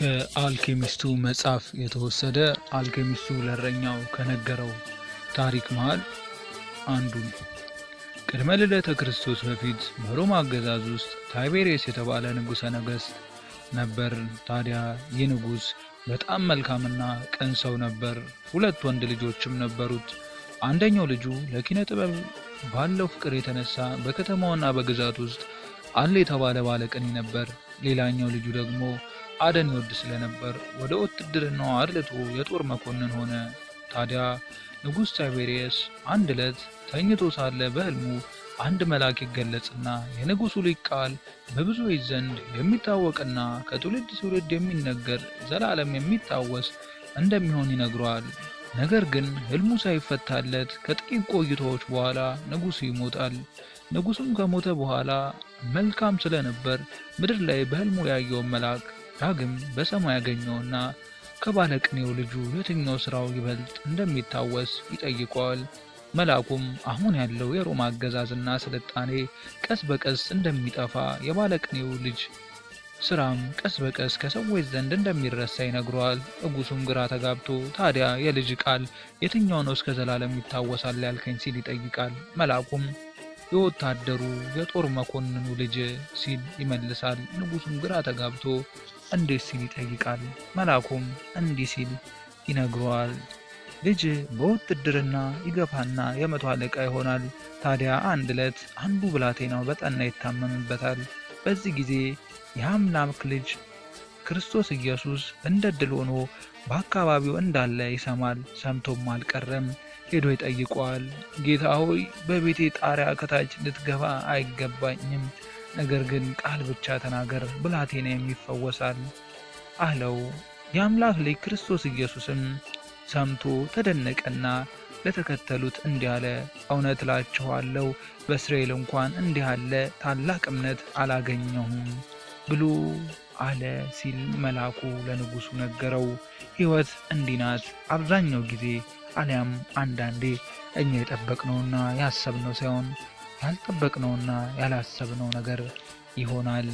ከአልኬሚስቱ መጽሐፍ የተወሰደ አልኬሚስቱ ለእረኛው ከነገረው ታሪክ መሃል አንዱ ነው። ቅድመ ልደተ ክርስቶስ በፊት በሮማ አገዛዝ ውስጥ ታይቤሬስ የተባለ ንጉሠ ነገሥት ነበር። ታዲያ ይህ ንጉሥ በጣም መልካምና ቅን ሰው ነበር። ሁለት ወንድ ልጆችም ነበሩት። አንደኛው ልጁ ለኪነ ጥበብ ባለው ፍቅር የተነሳ በከተማውና በግዛት ውስጥ አለ የተባለ ባለቅኔ ነበር። ሌላኛው ልጁ ደግሞ አደን ይወድ ስለነበር ወደ ውትድርናው አድልቶ የጦር መኮንን ሆነ። ታዲያ ንጉሥ ሳይቤሪየስ አንድ ዕለት ተኝቶ ሳለ በሕልሙ አንድ መልአክ ይገለጽና የንጉሡ ልጅ ቃል በብዙዎች ዘንድ የሚታወቅና ከትውልድ ትውልድ የሚነገር ዘላለም የሚታወስ እንደሚሆን ይነግሯል። ነገር ግን ህልሙ ሳይፈታለት ከጥቂት ቆይታዎች በኋላ ንጉሡ ይሞታል። ንጉሡም ከሞተ በኋላ መልካም ስለነበር ምድር ላይ በህልሙ ያየውን መልአክ ዳግም በሰማይ ያገኘውና ከባለቅኔው ልጁ የትኛው ሥራው ይበልጥ እንደሚታወስ ይጠይቀዋል። መልአኩም አሁን ያለው የሮማ አገዛዝና ስልጣኔ ቀስ በቀስ እንደሚጠፋ የባለቅኔው ልጅ ስራም ቀስ በቀስ ከሰዎች ዘንድ እንደሚረሳ ይነግረዋል። ንጉሡም ግራ ተጋብቶ ታዲያ የልጅ ቃል የትኛው ነው እስከ ዘላለም ይታወሳል ያልከኝ ሲል ይጠይቃል። መልአኩም የወታደሩ የጦር መኮንኑ ልጅ ሲል ይመልሳል። ንጉሱም ግራ ተጋብቶ እንዴት ሲል ይጠይቃል። መልአኩም እንዲህ ሲል ይነግረዋል። ልጅ በውትድርና ይገፋና የመቶ አለቃ ይሆናል። ታዲያ አንድ ዕለት አንዱ ብላቴናው በጠና ይታመምበታል። በዚህ ጊዜ የአምላክ ልጅ ክርስቶስ ኢየሱስ እንደ ድል ሆኖ በአካባቢው እንዳለ ይሰማል። ሰምቶም አልቀረም። ሄዶ ይጠይቋል! ጌታ ሆይ በቤቴ ጣሪያ ከታች ልትገባ አይገባኝም፣ ነገር ግን ቃል ብቻ ተናገር፣ ብላቴናዬም ይፈወሳል አለው። የአምላክ ልጅ ክርስቶስ ኢየሱስም ሰምቶ ተደነቀና ለተከተሉት እንዲህ አለ፣ እውነት እላችኋለሁ በእስራኤል እንኳን እንዲህ ያለ ታላቅ እምነት አላገኘሁም ብሎ አለ ሲል መልአኩ ለንጉሡ ነገረው። ሕይወት እንዲህ ናት። አብዛኛው ጊዜ አሊያም አንዳንዴ እኛ የጠበቅነውና ያሰብነው ሳይሆን ያልጠበቅነውና ያላሰብነው ነገር ይሆናል።